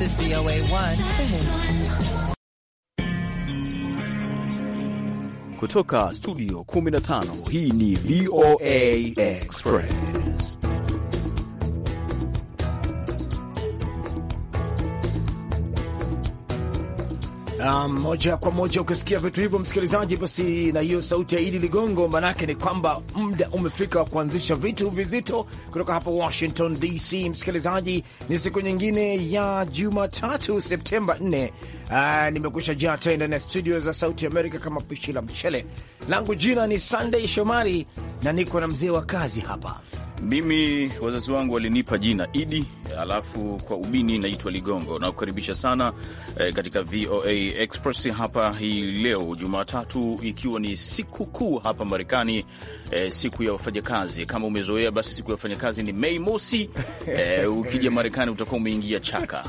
This is VOA1 Kutoka studio 15 hii ni VOA Express. moja kwa moja. Ukisikia vitu hivyo, msikilizaji, basi na hiyo sauti ya Idi Ligongo, maanake ni kwamba muda umefika wa kuanzisha vitu vizito kutoka hapa Washington DC. Msikilizaji, ni siku nyingine ya Jumatatu Septemba 4. Uh, ah, nimekusha jaa tena ndani ya studio za Sauti Amerika kama pishi la mchele langu. Jina ni Sunday Shomari na niko na mzee wa kazi hapa mimi wazazi wangu walinipa jina Idi, alafu kwa ubini naitwa Ligongo. Nakukaribisha sana eh, katika VOA Express hapa hii leo Jumatatu, ikiwa ni siku kuu hapa Marekani, eh, siku ya wafanyakazi. Kama umezoea basi, siku ya wafanyakazi ni Mei Mosi. Eh, ukija Marekani utakuwa umeingia chaka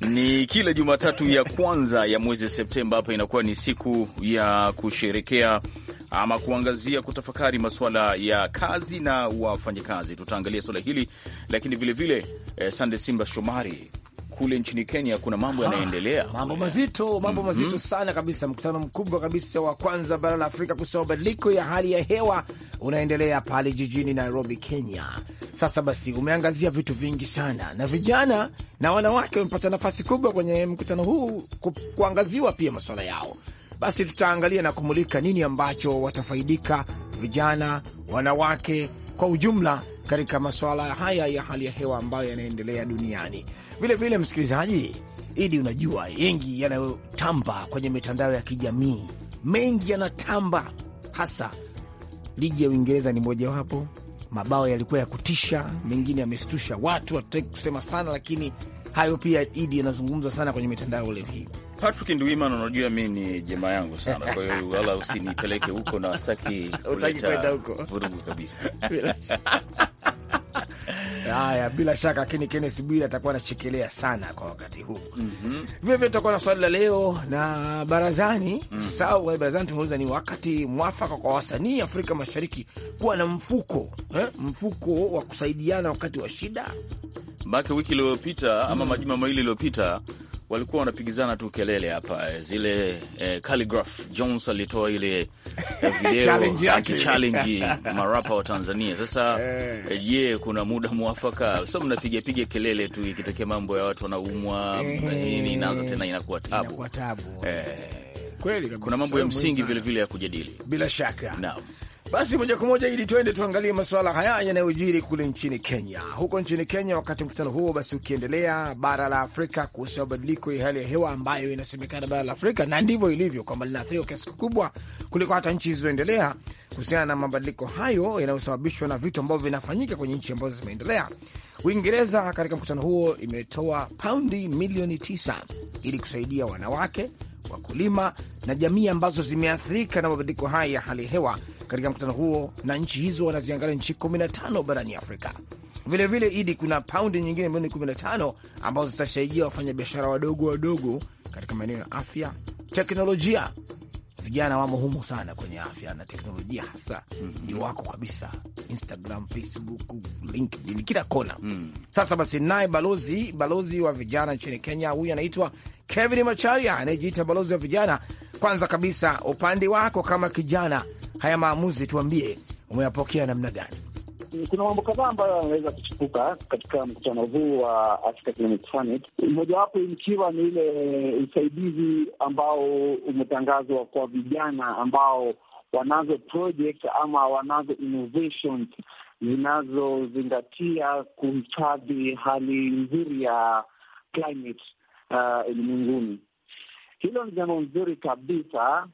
ni kila Jumatatu ya kwanza ya mwezi Septemba hapa inakuwa ni siku ya kusherekea ama kuangazia kutafakari masuala ya kazi na wafanyakazi. Tutaangalia suala hili lakini vilevile eh, Sande Simba Shomari kule nchini Kenya kuna mambo ah, yanaendelea, mambo mazito, mambo mm -hmm. mazito sana kabisa. Mkutano mkubwa kabisa wa kwanza bara la Afrika kusema mabadiliko ya hali ya hewa unaendelea pale jijini Nairobi, Kenya. Sasa basi, umeangazia vitu vingi sana, na vijana na wanawake wamepata nafasi kubwa kwenye mkutano huu ku, kuangaziwa pia masuala yao basi tutaangalia na kumulika nini ambacho watafaidika vijana, wanawake kwa ujumla katika masuala haya ya hali ya hewa ambayo yanaendelea duniani. Vilevile msikilizaji Idi, unajua yengi yanayotamba kwenye mitandao ya kijamii, mengi yanatamba, hasa ligi ya Uingereza ni mojawapo. Mabao yalikuwa ya kutisha, mengine yameshtusha watu, hatutaki kusema sana, lakini hayo pia Idi yanazungumza sana kwenye mitandao leo hii. Patrick Ndwimana, unajua mi ni jema yangu sana, kwa hiyo wala usinipeleke huko na wastaki kuleta vurugu kabisa. Haya, bila shaka, lakini Kennes Bwire atakuwa anachekelea sana kwa wakati huu. mm -hmm. Vilevile tutakuwa na swali la leo na barazani. mm -hmm. Sau eh, barazani tumeuliza ni wakati mwafaka kwa wasanii Afrika Mashariki kuwa na mfuko eh, mfuko wa kusaidiana wakati wa shida. Make wiki iliyopita ama mm -hmm. majuma mawili iliyopita walikuwa wanapigizana tu kelele hapa eh, zile. Eh, Khaligraph Jones alitoa ile eh, video akichallenge marapa wa Tanzania. Sasa eh. Eh, je, Eh, kuna muda mwafaka? Sasa mnapigapiga kelele tu, ikitokea mambo ya watu wanaumwa hey. Inaanza tena inakuwa tabu, inakuwa tabu. Eh, kweli kabisa. Kuna mambo ya msingi vilevile ya kujadili bila shaka. Naam. Basi moja kwa moja ili tuende tuangalie masuala haya yanayojiri kule nchini Kenya. Huko nchini Kenya, wakati mkutano huo basi ukiendelea, bara la Afrika kuhusu mabadiliko ya hali ya hewa ambayo inasemekana bara la Afrika na ndivyo ilivyo kwamba linaathiriwa kiasi kikubwa kuliko hata nchi zilizoendelea kuhusiana na mabadiliko hayo yanayosababishwa na vitu ambavyo vinafanyika kwenye nchi ambazo zimeendelea. Uingereza katika mkutano huo imetoa paundi milioni tisa ili kusaidia wanawake wakulima na jamii ambazo zimeathirika na mabadiliko haya ya hali ya hewa katika mkutano huo, na nchi hizo wanaziangalia nchi 15 barani Afrika. Vilevile vile, Idi, kuna paundi nyingine milioni 15 ambazo zitasaidia wafanyabiashara wadogo wadogo katika maeneo ya afya, teknolojia vijana wamo humo sana kwenye afya na teknolojia hasa mhm. ndio, mm ni wako kabisa Instagram, Facebook, LinkedIn, kila kona mm Sasa basi, naye balozi balozi wa vijana nchini Kenya, huyu anaitwa Kevin Macharia anayejiita balozi wa vijana. Kwanza kabisa, upande wako kama kijana, haya maamuzi tuambie umeyapokea namna gani? kuna mambo kadhaa ambayo yanaweza kuchipuka katika mkutano huu wa Africa Economic Summit, mojawapo ikiwa ni ile usaidizi ambao umetangazwa kwa vijana ambao wanazo project ama wanazo innovations zinazozingatia kuhifadhi hali nzuri ya climate uh, ulimwenguni. Uh, hilo ni jambo nzuri kabisa,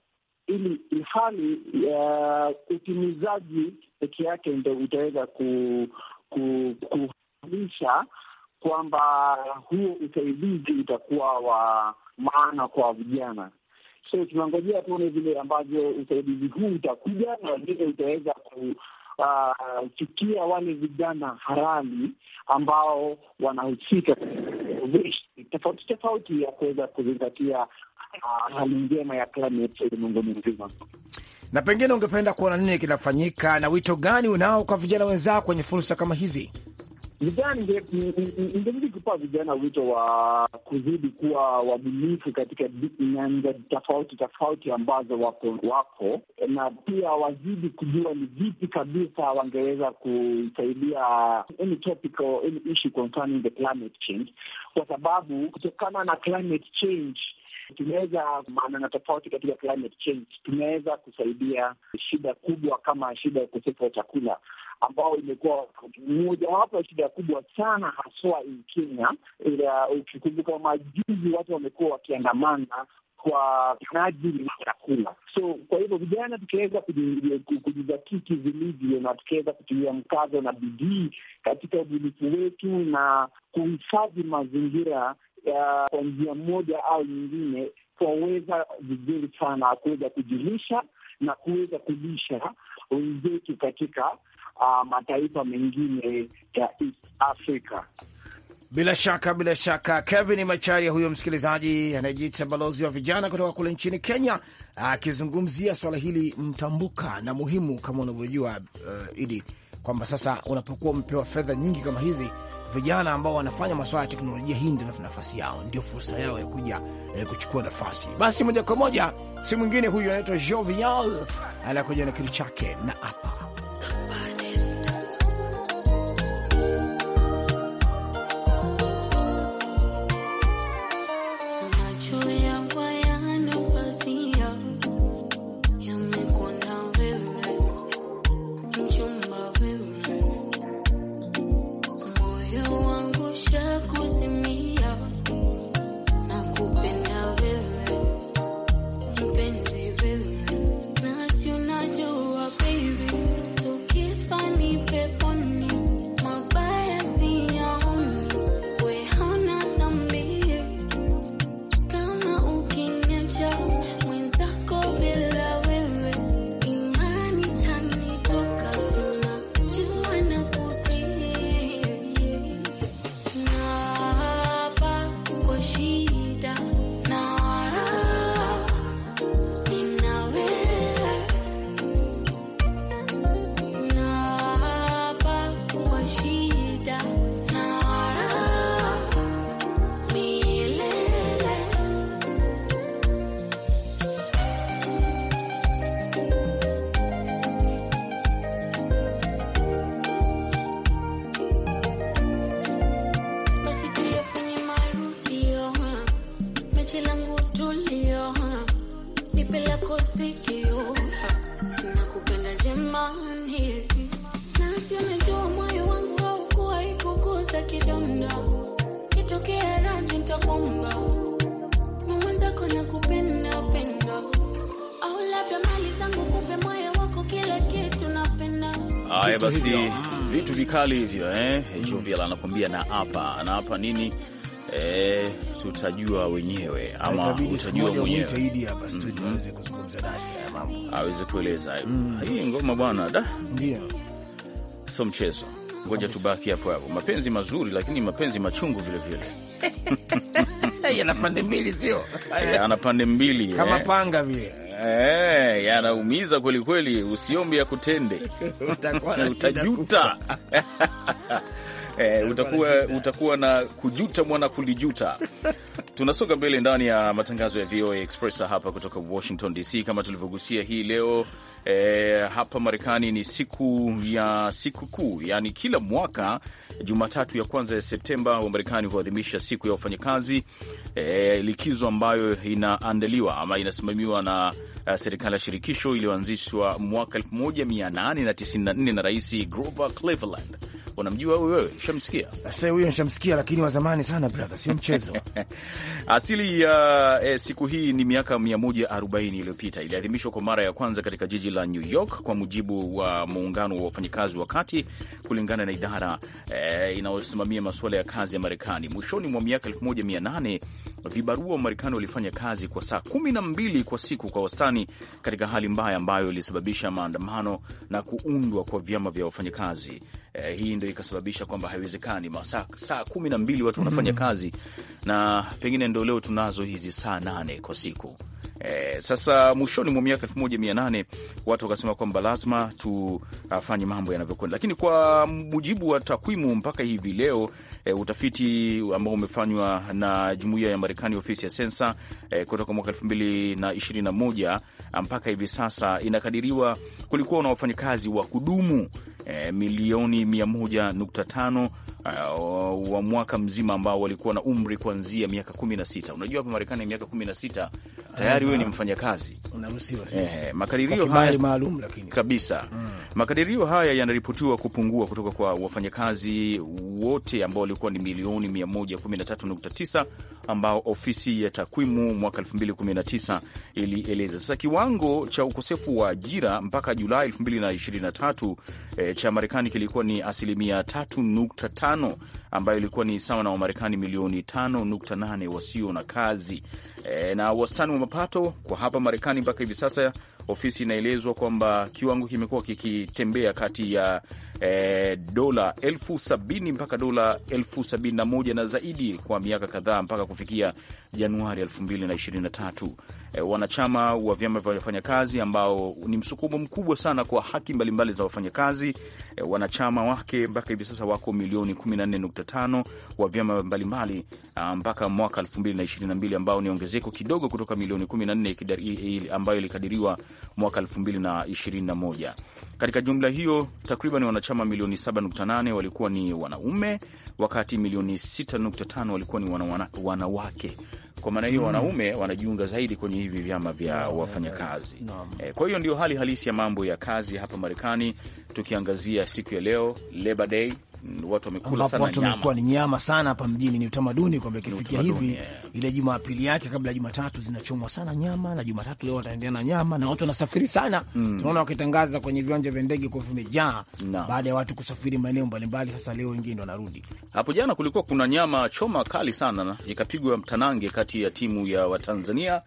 ili hali ya uh, utimizaji peke yake ndo utaweza ku, ku, kwamba huo usaidizi utakuwa wa maana kwa vijana. So tunangojea tuone vile ambavyo usaidizi huu utakuja na vile utaweza kufikia uh, wale vijana harali ambao wanahusika tofauti tofauti ya kuweza kuzingatia uh, hali njema ya climate ulimwenguni mzima na pengine ungependa kuona nini kinafanyika na wito gani unao kwa vijana wenzao kwenye fursa kama hizi? Vijana ningezidi kupa vijana wito wa kuzidi kuwa wabunifu katika nyanja tofauti tofauti ambazo wako wako na pia wazidi kujua ni vipi kabisa wangeweza kusaidia any topic or any issue concerning the climate change, kwa sababu kutokana na climate change maana maanana tofauti katika climate change, tunaweza kusaidia shida kubwa kama shida ya ukosefu wa chakula ambao imekuwa mojawapo ya shida kubwa sana haswa in Kenya. Ila ukikumbuka majuzi, watu wamekuwa wakiandamana kwa ajili ya chakula. So kwa hivyo vijana, tukiweza kujizatiti vilivyo na tukiweza kutumia mkazo na bidii katika ubunifu wetu na kuhifadhi mazingira kwa njia moja au nyingine twaweza vizuri sana kuweza kujilisha na kuweza kulisha wenzetu katika uh, mataifa mengine ya East Africa. Bila shaka bila shaka, Kevin Macharia huyo msikilizaji anayejiita balozi wa vijana kutoka kule nchini Kenya, akizungumzia swala hili mtambuka na muhimu, kama unavyojua uh, Idi, kwamba sasa unapokuwa umepewa fedha nyingi kama hizi vijana ambao wanafanya masuala ya teknolojia hii ndio nafasi yao, ndio fursa yao ya kuja eh, kuchukua nafasi. Basi moja kwa moja, si mwingine huyu anaitwa Jovial, anakuja na kitu chake na hapa vikali hivyo eh? mm. Jovial anakuambia na hapa na hapa nini eh, tutajua wenyewe ama utajua mwenyewe hapa studio mhm. aweze kuzungumza nasi mambo, aweze kueleza mm. hii ngoma bwana, da ndio so mchezo. Ngoja tubaki hapo hapo, mapenzi mazuri lakini mapenzi machungu vilevile yana pande mbili, sio eh, ana pande mbili kama eh. panga vile Eh, yanaumiza kweli kweli, usiombe ya kutende utajuta. Eh, utakuwa, utakuwa na kujuta mwana kulijuta. Tunasonga mbele ndani ya matangazo ya VOA Express hapa kutoka Washington DC, kama tulivyogusia hii leo eh, hapa Marekani ni siku ya sikukuu, yaani kila mwaka Jumatatu ya kwanza ya Septemba Wamarekani huadhimisha siku ya wafanyakazi, eh, likizo ambayo inaandaliwa ama inasimamiwa na uh, serikali ya shirikisho iliyoanzishwa mwaka 1894 na, Rais Grover Cleveland. Unamjua huyu wewe? Shamsikia sasa huyo, nishamsikia lakini wa zamani sana brother, sio mchezo asili ya uh, e, siku hii ni miaka 140 iliyopita iliadhimishwa kwa mara ya kwanza katika jiji la New York kwa mujibu wa muungano wa wafanyakazi wa kati, kulingana na idara e, inayosimamia masuala ya kazi ya Marekani. Mwishoni mwa miaka 1800 vibarua wa Marekani walifanya kazi kwa saa kumi na mbili kwa siku kwa wastani, katika hali mbaya ambayo ilisababisha maandamano na kuundwa kwa vyama vya wafanyakazi. Eh, hii ndo ikasababisha kwamba haiwezekani masaa saa kumi na mbili watu wanafanya mm -hmm. kazi na pengine ndo leo tunazo hizi saa nane kwa siku. Eh, sasa mwishoni mwa miaka elfu moja mia nane watu wakasema kwamba lazima tufanye mambo yanavyokwenda, lakini kwa mujibu wa takwimu mpaka hivi leo e, utafiti ambao umefanywa na jumuiya ya Marekani, ofisi ya sensa e, kutoka mwaka moja ah, mpaka hivi sasa inakadiriwa kulikuwa na wafanyakazi wa kudumu e, milioni nukta tano ah, wa mwaka mzima ambao walikuwa na umri kuanzia miaka 16. Unajua hapa Marekani miaka sita tayari huyo ni mfanyakazi eh, makadirio haya maalum lakini kabisa mm. Makadirio haya yanaripotiwa kupungua kutoka kwa wafanyakazi wote ambao walikuwa ni milioni 113.9 ambao ofisi ya takwimu mwaka 2019 ilieleza. Sasa kiwango cha ukosefu wa ajira mpaka Julai 2023 eh, cha Marekani kilikuwa ni asilimia 3.5 ambayo ilikuwa ni sawa na Wamarekani milioni 5.8 wasio na kazi E, na wastani wa mapato kwa hapa Marekani mpaka hivi sasa, ofisi inaelezwa kwamba kiwango kimekuwa kikitembea kati ya e, dola elfu sabini mpaka dola elfu sabini na moja na zaidi kwa miaka kadhaa mpaka kufikia Januari 2023 e, wanachama wa vyama vya wafanyakazi ambao ni msukumo mkubwa sana kwa haki mbalimbali za wafanyakazi e, wanachama wake mpaka hivi sasa wako milioni 14.5 wa vyama mbalimbali ah, mpaka mwaka 2022 ambao ni ongezeko kidogo kutoka milioni 14 eh, ambayo ilikadiriwa mwaka 2021. Katika jumla hiyo takriban wanachama milioni 7.8 walikuwa ni wanaume wakati milioni 6.5 walikuwa ni wanawake. Kwa maana hiyo, wanaume wanajiunga zaidi kwenye hivi vyama vya wafanyakazi. Eh, kwa hiyo ndio hali halisi ya mambo ya kazi hapa Marekani, tukiangazia siku ya leo Labor Day watu wamekula sana watu wamekuwa ni nyama sana hapa mjini. Ni utamaduni kwamba ikifikia hivi yeah. ile Jumapili yake kabla ya Jumatatu zinachomwa sana nyama, na Jumatatu leo wataendelea na nyama, na watu wanasafiri sana mm. tunaona wakitangaza kwenye viwanja vya ndege kwa vimejaa no. baada ya watu kusafiri maeneo mbalimbali. Sasa leo wengine ndo wanarudi. Hapo jana kulikuwa kuna nyama choma kali sana, ikapigwa mtanange kati ya timu ya Watanzania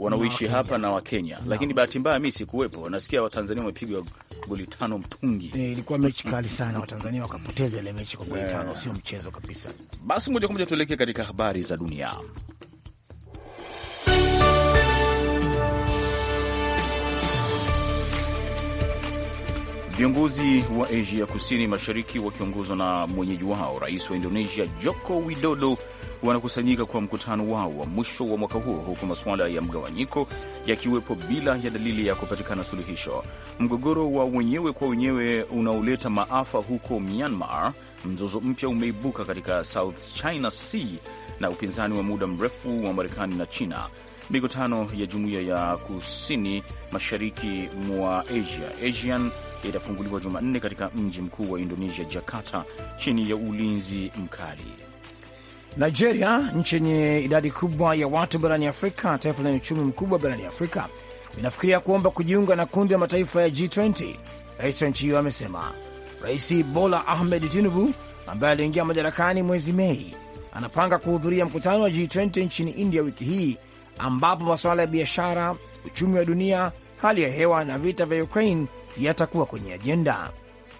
wanaoishi hapa na Wakenya no. Lakini bahati mbaya mi sikuwepo, nasikia Watanzania wamepigwa goli tano mtungi. Eh, ilikuwa mechi kali sana, Watanzania wakapoteza ile mechi kwa goli eh. tano, sio mchezo kabisa. Basi moja kwa moja tuelekee katika habari za dunia. Viongozi wa Asia kusini mashariki wakiongozwa na mwenyeji wao rais wa Indonesia Joko Widodo wanakusanyika kwa mkutano wao wa mwisho wa mwaka huo, huku masuala ya mgawanyiko yakiwepo bila ya dalili ya kupatikana suluhisho. Mgogoro wa wenyewe kwa wenyewe unaoleta maafa huko Myanmar, mzozo mpya umeibuka katika South China Sea na upinzani wa muda mrefu wa Marekani na China. Mikutano ya jumuiya ya kusini mashariki mwa Asia, ASEAN, itafunguliwa Jumanne katika mji mkuu wa Indonesia, Jakarta, chini ya ulinzi mkali. Nigeria, nchi yenye idadi kubwa ya watu barani Afrika, taifa lenye uchumi mkubwa barani Afrika, inafikiria kuomba kujiunga na kundi la mataifa ya G20. Rais wa nchi hiyo amesema. Rais Bola Ahmed Tinubu ambaye aliingia madarakani mwezi Mei anapanga kuhudhuria mkutano wa G20 nchini India wiki hii, ambapo masuala ya biashara, uchumi wa dunia, hali ya hewa na vita vya Ukraine yatakuwa kwenye ajenda.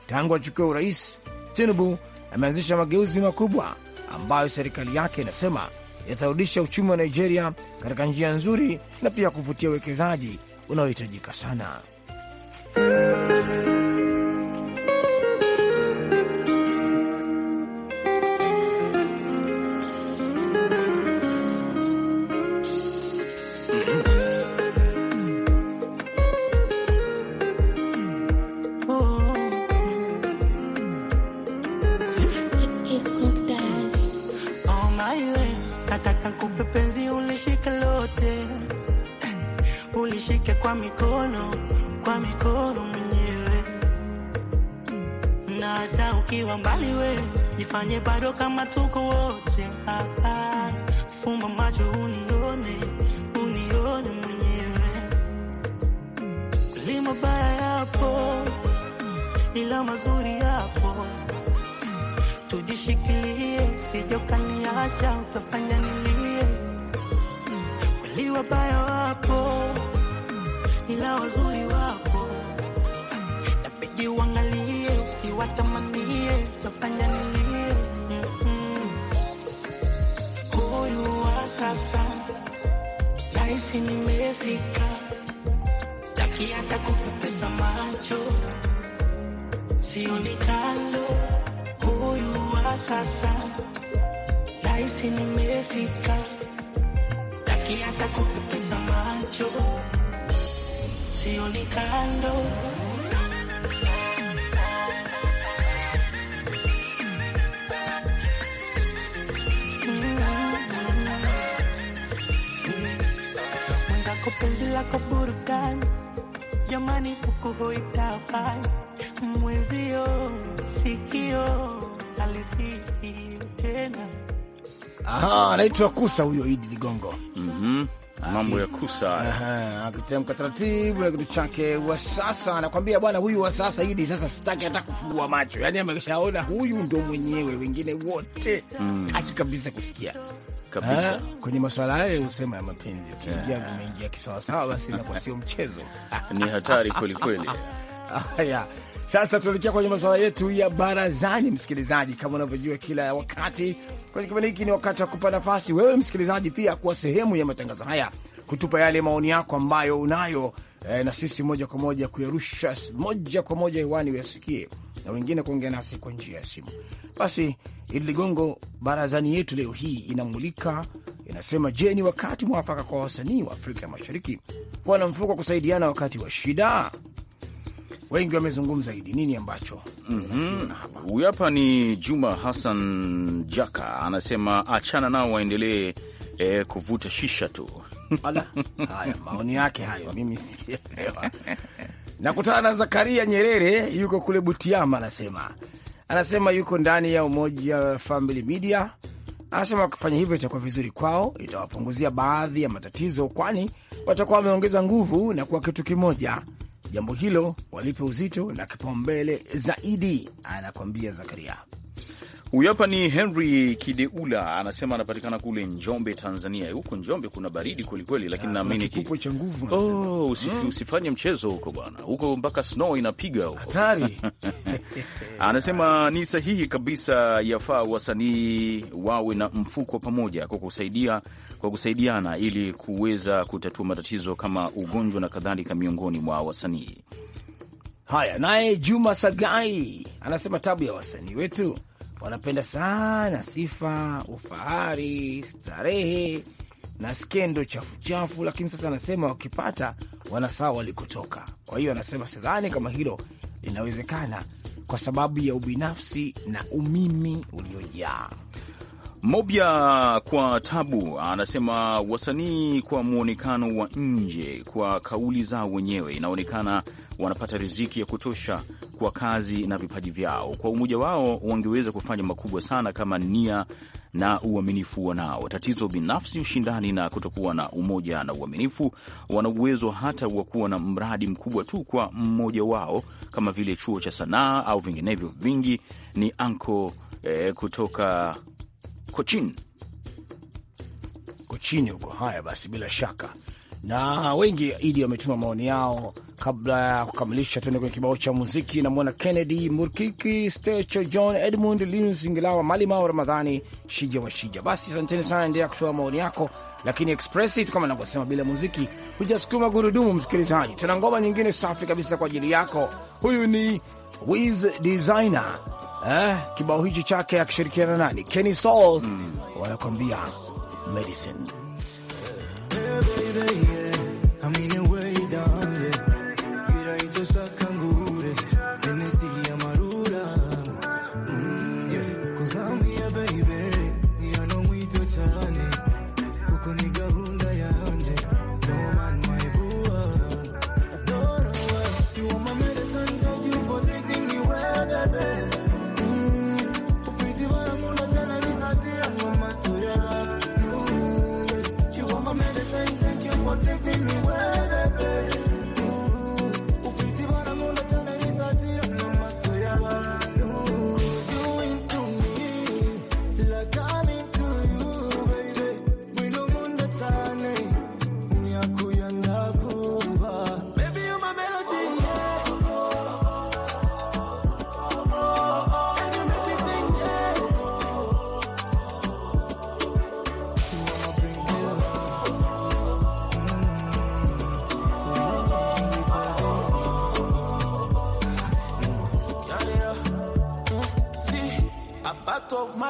Tangu achukua urais, Tinubu ameanzisha mageuzi makubwa ambayo serikali yake inasema itarudisha uchumi wa Nigeria katika njia nzuri na pia kuvutia uwekezaji unaohitajika sana. nishike kwa mikono, kwa mikono mwenyewe, na hata ukiwa mbali we jifanye bado kama tuko wote hapa, fumba macho unione, unione mwenyewe, lima baya yapo ila mazuri yapo, tujishikilie, sijokaniacha utafanya nilie, waliwabaya wapo ila wazuri wapo, nabidi uangalie, usiwatamanie, tafanya nilie huyu wa sasa nahisi nimefika, staki hata kupepesa macho, sioni kando huyu wa sasa nahisi nimefika, staki hata kupepesa macho sioni kando penzi lako burukani, jamani kukuhoitakan mwezio sikio halisi tena. anaitwa Kusa huyo Idi Ligongo. mm -hmm mambo ya kusa akitemka taratibu na kitu chake wa sasa, anakwambia bwana, huyu wa sasa hidi sasa, sitaki hata kufungua macho, yani ameshaona huyu ndo mwenyewe, wengine wote mm. taki kabisa kusikia kabisa ha, eh, kwenye maswala hayo usema ya mapenzi ukiingia yeah. vimeingia kisawasawa, basi inakuwa sio mchezo ni hatari kwelikweli. haya sasa tunaelekea kwenye masuala yetu ya barazani. Msikilizaji, kama unavyojua, kila wakati kwenye kipindi hiki ni wakati wa kupa nafasi wewe msikilizaji pia kuwa sehemu ya matangazo haya, kutupa yale maoni yako ambayo unayo eh, na sisi moja kwa moja kuyarusha moja kwa moja hewani uyasikie, na wengine kuongea nasi kwa njia ya simu. Basi ili Ligongo, barazani yetu leo hii inamulika inasema, je, ni wakati mwafaka kwa wasanii wa Afrika Mashariki kuwa na mfuko wa kusaidiana wakati wa shida? wengi wamezungumza hidi nini ambacho mm -hmm. Huyu hapa ni Juma Hassan Jaka anasema achana nao waendelee e, kuvuta shisha tu. Ala, haya maoni yake hayo, mimi sielewa. Nakutana na Zakaria Nyerere, yuko kule Butiama, anasema anasema yuko ndani ya Umoja Family Media, anasema wakifanya hivyo itakuwa vizuri kwao, itawapunguzia baadhi ya matatizo, kwani watakuwa wameongeza nguvu na kuwa kitu kimoja jambo hilo walipe uzito na kipaumbele zaidi, anakuambia Zakaria. Huyu hapa ni Henry Kideula, anasema anapatikana kule Njombe, Tanzania. Huko Njombe kuna baridi kwelikweli, lakini ah, naamini cha nguvu. Oh, usif, hmm. usifanye mchezo huko bwana, huko mpaka snow inapiga huko, hatari anasema ni sahihi kabisa, yafaa wasanii wawe na mfuko pamoja kwa kusaidia, kwa kusaidiana ili kuweza kutatua matatizo kama ugonjwa na kadhalika miongoni mwa wasanii. Haya, naye Juma Sagai anasema tabu ya wasanii wetu wanapenda sana sifa, ufahari, starehe na skendo chafuchafu, lakini sasa anasema wakipata wanasawa walikotoka. Kwa hiyo anasema sidhani kama hilo linawezekana kwa sababu ya ubinafsi na umimi uliojaa. Mobya kwa Tabu anasema wasanii kwa mwonekano wa nje, kwa kauli zao wenyewe, inaonekana wanapata riziki ya kutosha kwa kazi na vipaji vyao. Kwa umoja wao wangeweza kufanya makubwa sana kama nia na uaminifu wanao. Tatizo binafsi, ushindani na kutokuwa na umoja na uaminifu. Wana uwezo hata wa kuwa na mradi mkubwa tu kwa mmoja wao, kama vile chuo cha sanaa au vinginevyo vingi. Ni anko eh, kutoka Cochin, Cochin huko. Haya basi, bila shaka na wengi Idi wametuma maoni yao. Kabla ya kukamilisha, tuende kwenye kibao cha muziki. Namwona Kennedy Murkiki, Stecho John Edmund, Linus Malimao Ramadhani, Shija wa Shija. Basi asanteni sana, endelea kutoa maoni yako, lakini Express kama navyosema, bila muziki hujasukuma gurudumu. Msikilizaji, tuna ngoma nyingine safi kabisa kwa ajili yako. Huyu ni Wiz Designer eh, kibao hichi chake akishirikiana nani, Kenny Soul mm, wanakwambia medicine. Hey, eh, baby, yeah.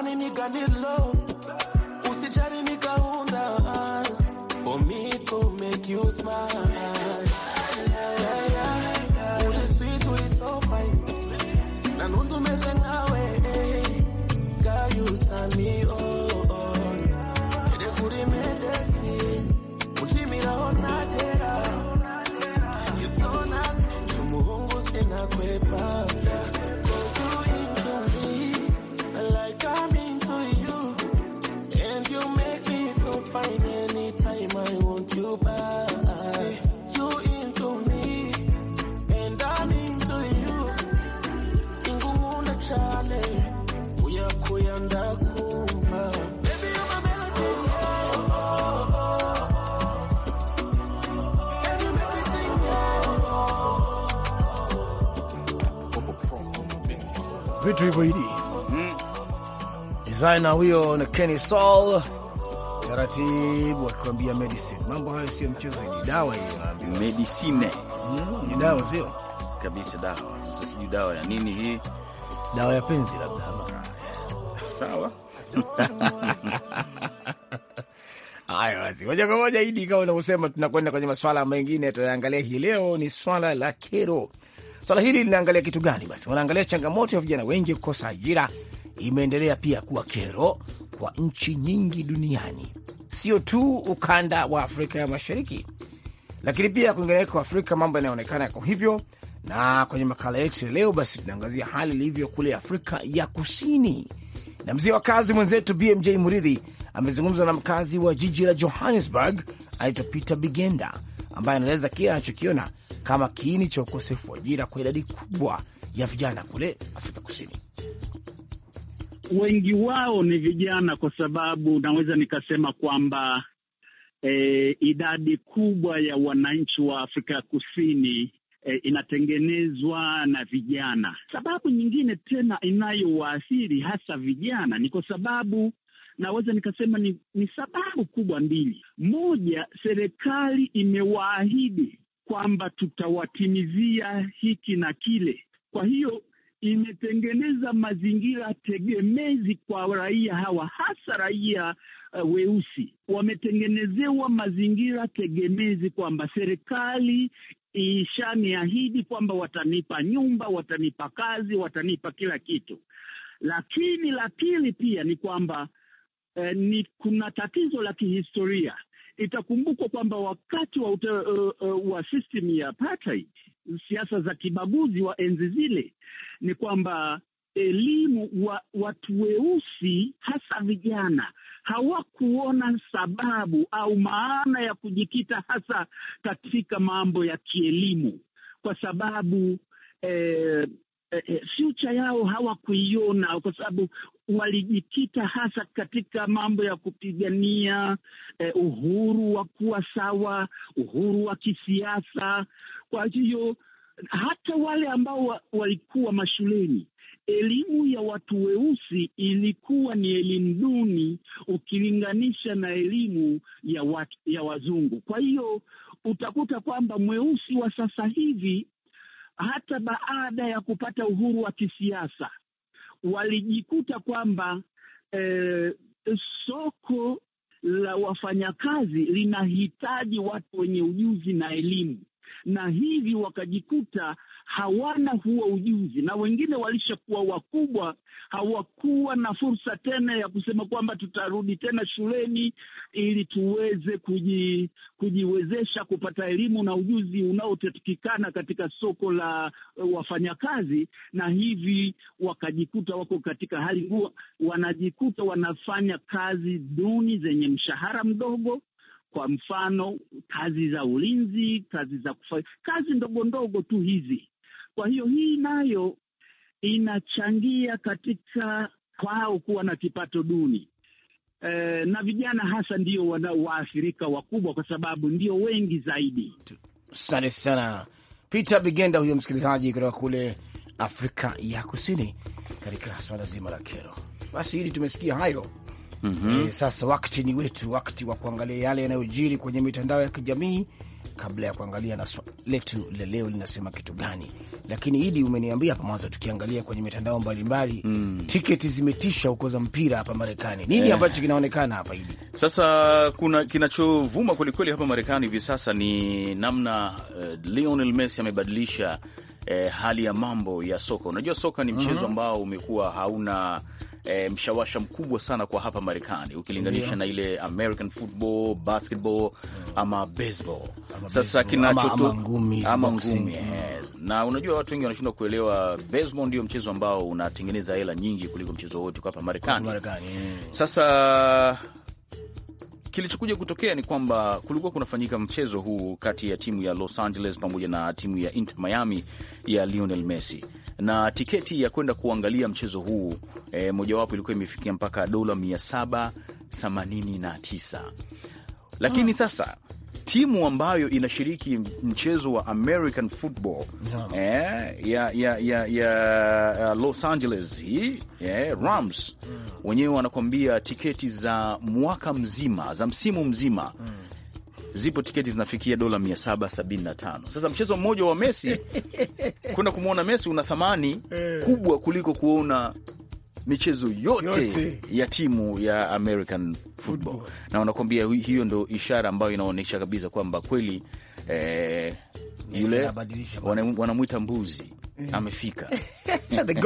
Nani nika need love, nikaunda for me to make you smile vitu hivyo hidi Designer huyo na Kenny Saul taratibu akikwambia medicine. Mambo hayo sio mchezo, ni dawa hiyo medicine. ni dawa sio kabisa dawa. Sasa sijui dawa ya nini hii, dawa ya penzi labda. ama Sawa. Haya basi, moja kwa moja Idi, ikawa unavyosema, tunakwenda kwenye maswala mengine tunaangalia hii leo. Ni swala la kero Swala hili linaangalia kitu gani? Basi wanaangalia changamoto ya vijana wengi kukosa ajira, imeendelea pia kuwa kero kwa nchi nyingi duniani, sio tu ukanda wa Afrika ya Mashariki, lakini pia kwingineko Afrika mambo yanayoonekana yako hivyo. Na kwenye makala yetu leo, basi tunaangazia hali ilivyo kule Afrika ya Kusini, na mzee wa kazi mwenzetu BMJ Muridhi amezungumza na mkazi wa jiji la Johannesburg anaitwa Peter Bigenda ambaye anaeleza kile anachokiona kama kiini cha ukosefu wa ajira kwa idadi kubwa ya vijana kule Afrika Kusini. Wengi wao ni vijana, kwa sababu naweza nikasema kwamba e, idadi kubwa ya wananchi wa Afrika Kusini e, inatengenezwa na vijana. Sababu nyingine tena inayowaathiri hasa vijana ni kwa sababu naweza nikasema ni, ni sababu kubwa mbili. Moja, serikali imewaahidi kwamba tutawatimizia hiki na kile. Kwa hiyo imetengeneza mazingira tegemezi kwa raia hawa, hasa raia uh, weusi wametengenezewa mazingira tegemezi kwamba serikali ishaniahidi kwamba watanipa nyumba, watanipa kazi, watanipa kila kitu. Lakini la pili pia ni kwamba eh, ni kuna tatizo la kihistoria Itakumbukwa kwamba wakati wa, ute, uh, uh, wa system ya apartheid, siasa za kibaguzi wa enzi zile, ni kwamba elimu wa, watu weusi hasa vijana hawakuona sababu au maana ya kujikita hasa katika mambo ya kielimu kwa sababu eh, e, future yao hawakuiona kwa sababu walijikita hasa katika mambo ya kupigania eh, uhuru wa kuwa sawa, uhuru wa kisiasa. Kwa hiyo hata wale ambao wa, walikuwa mashuleni, elimu ya watu weusi ilikuwa ni elimu duni ukilinganisha na elimu ya, watu, ya wazungu. Kwa hiyo utakuta kwamba mweusi wa sasa hivi hata baada ya kupata uhuru wa kisiasa walijikuta kwamba eh, soko la wafanyakazi linahitaji watu wenye ujuzi na elimu na hivi wakajikuta hawana huo ujuzi, na wengine walishakuwa wakubwa, hawakuwa na fursa tena ya kusema kwamba tutarudi tena shuleni ili tuweze kuji, kujiwezesha kupata elimu na ujuzi unaotatikikana katika soko la eh, wafanyakazi, na hivi wakajikuta wako katika hali ngumu, wanajikuta wanafanya kazi duni zenye mshahara mdogo kwa mfano kazi za ulinzi, kazi za kufanya kazi ndogo ndogo tu hizi. Kwa hiyo hii nayo inachangia katika kwao kuwa na kipato duni. E, na vijana hasa ndio waathirika wakubwa kwa sababu ndio wengi zaidi. Asante sana Peter Bigenda, huyo msikilizaji kutoka kule Afrika ya Kusini katika swala zima la kero. Basi hili tumesikia hayo mm -hmm. E, sasa wakati ni wetu, wakati wa kuangalia yale yanayojiri kwenye mitandao ya kijamii kabla ya kuangalia na swali letu la leo linasema kitu gani. Lakini Idi, umeniambia hapa mwanzo, tukiangalia kwenye mitandao mbalimbali mm. tiketi zimetisha huko za mpira hapa Marekani. Nini eh, ambacho kinaonekana hapa Idi? Sasa kuna kinachovuma kwelikweli hapa Marekani hivi sasa ni namna uh, Lionel Messi amebadilisha uh, hali ya mambo ya soka. Unajua soka ni mhm. mchezo ambao umekuwa hauna e, mshawasha mkubwa sana kwa hapa Marekani ukilinganisha yeah, na ile American football, basketball ama baseball. Sasa kinachoto ama ngumi, na unajua watu wengi wanashindwa kuelewa, baseball ndio mchezo ambao unatengeneza hela nyingi kuliko mchezo wote kwa hapa Marekani. Sasa kilichokuja kutokea ni kwamba kulikuwa kunafanyika mchezo huu kati ya timu ya Los Angeles pamoja na timu ya Inter Miami ya Lionel Messi, na tiketi ya kwenda kuangalia mchezo huu e, mojawapo ilikuwa imefikia mpaka dola 789 lakini hmm, sasa timu ambayo inashiriki mchezo wa American football yeah. eh, ya, ya, ya, ya uh, Los Angeles hii eh, Rams mm. wenyewe wanakuambia tiketi za mwaka mzima za msimu mzima mm. Zipo tiketi zinafikia dola 775. Sasa mchezo mmoja wa Messi kwenda kumwona Messi una thamani eh. kubwa kuliko kuona michezo yote, yote ya timu ya American football, football. Na wanakuambia hiyo ndo ishara ambayo inaonyesha kabisa kwamba kweli eh, yule wanamwita mbuzi eh. amefika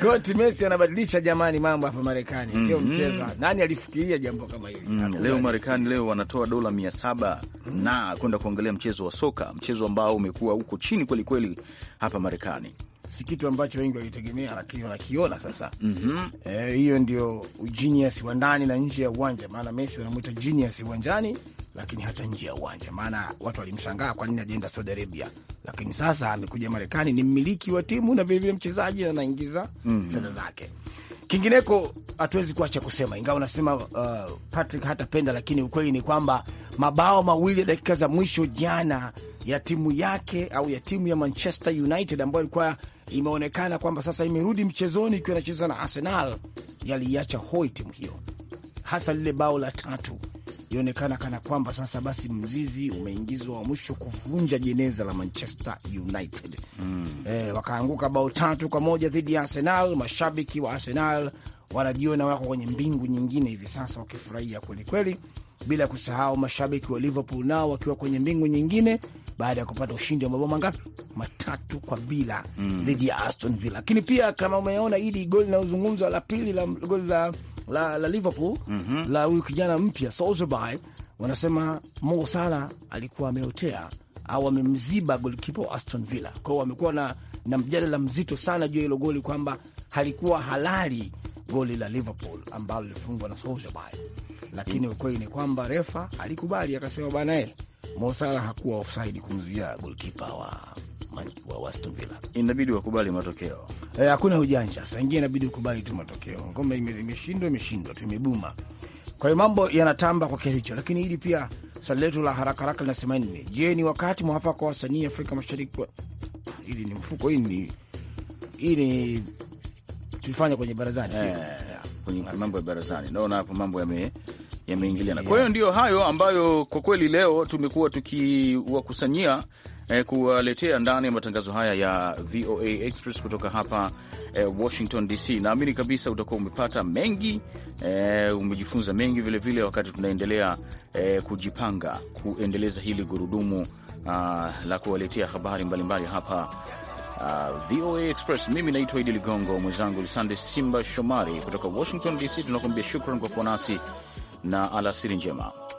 goti Messi anabadilisha jamani, mambo hapa Marekani sio mm -hmm. mchezo. Nani alifikiria jambo kama hili mm -hmm. Leo Marekani leo wanatoa dola mia saba mm. na kwenda kuangalia mchezo wa soka, mchezo ambao umekuwa huko chini kwelikweli hapa Marekani si kitu ambacho wengi walitegemea, lakini wanakiona sasa. mm -hmm. Eh, hiyo ndio genius wa ndani na nje ya uwanja, maana Messi wanamwita genius uwanjani, lakini hata nje ya uwanja, maana watu walimshangaa kwa nini ajenda Saudi Arabia, lakini sasa amekuja Marekani, ni mmiliki wa timu na vilevile mchezaji anaingiza mm -hmm. fedha zake. Kingineko hatuwezi kuacha kusema, ingawa unasema uh, Patrick hatapenda, lakini ukweli ni kwamba mabao mawili ya dakika za mwisho jana ya timu yake au ya timu ya Manchester United ambayo ilikuwa imeonekana kwamba sasa imerudi mchezoni ikiwa inacheza na Arsenal. Yaliiacha hoi timu hiyo, hasa lile bao la tatu Ionekana kana kwamba sasa basi mzizi umeingizwa wa mwisho kuvunja jeneza la Manchester United. Mm. E, wakaanguka bao tatu kwa moja dhidi ya Arsenal. Mashabiki wa Arsenal wanajiona wako kwenye mbingu nyingine hivi sasa, wakifurahia kwelikweli, bila kusahau mashabiki wa Liverpool nao wakiwa kwenye mbingu nyingine baada ya kupata ushindi wa mabao mangapi? Matatu kwa bila mm. dhidi mm. ya Aston Villa. Lakini pia kama umeona ili goli linalozungumzwa la pili la goli la, la, la Liverpool mm -hmm. la huyu kijana mpya Solsby, wanasema Mo Salah alikuwa ameotea au amemziba golikipa wa Aston Villa. Kwa hiyo wamekuwa na, na mjadala mzito sana juu ya hilo goli kwamba halikuwa halali goli la Liverpool ambalo lilifungwa na Solsby, lakini mm. ukweli ni kwamba refa alikubali akasema, bwana yeye eh, Mosala hakuwa ofsaidi kumzuia golkipa wa wa Aston Villa. Inabidi wakubali matokeo. Eh, hakuna ujanja. Sasa ingine inabidi ukubali tu matokeo. Ngoma imeshindwa, imeshindwa tu, imebuma. Kwa hiyo mambo yanatamba kwa kiasi hicho, lakini hili pia swali letu la haraka haraka linasema nini? Je, ni wakati mwafaka kwa wasanii Afrika Mashariki? kwa... Hili ni mfuko, hili ni hili tulifanya kwenye barazani, sio? Eh, kwenye mambo ya barazani. Naona hapo mambo yame yameingiliana. Kwa hiyo ndio hayo ambayo kwa kweli leo tumekuwa tukiwakusanyia eh, kuwaletea ndani ya matangazo haya ya VOA Express kutoka hapa eh, Washington DC. Naamini kabisa utakuwa umepata mengi e, umejifunza mengi vilevile vile, wakati tunaendelea e, kujipanga kuendeleza hili gurudumu a, ah, la kuwaletea habari mbalimbali mbali hapa Uh, ah, VOA Express. Mimi naitwa Idi Ligongo, mwenzangu Lisande Simba Shomari kutoka Washington DC. Tunakuambia shukran kwa kuwa nasi na alasiri njema.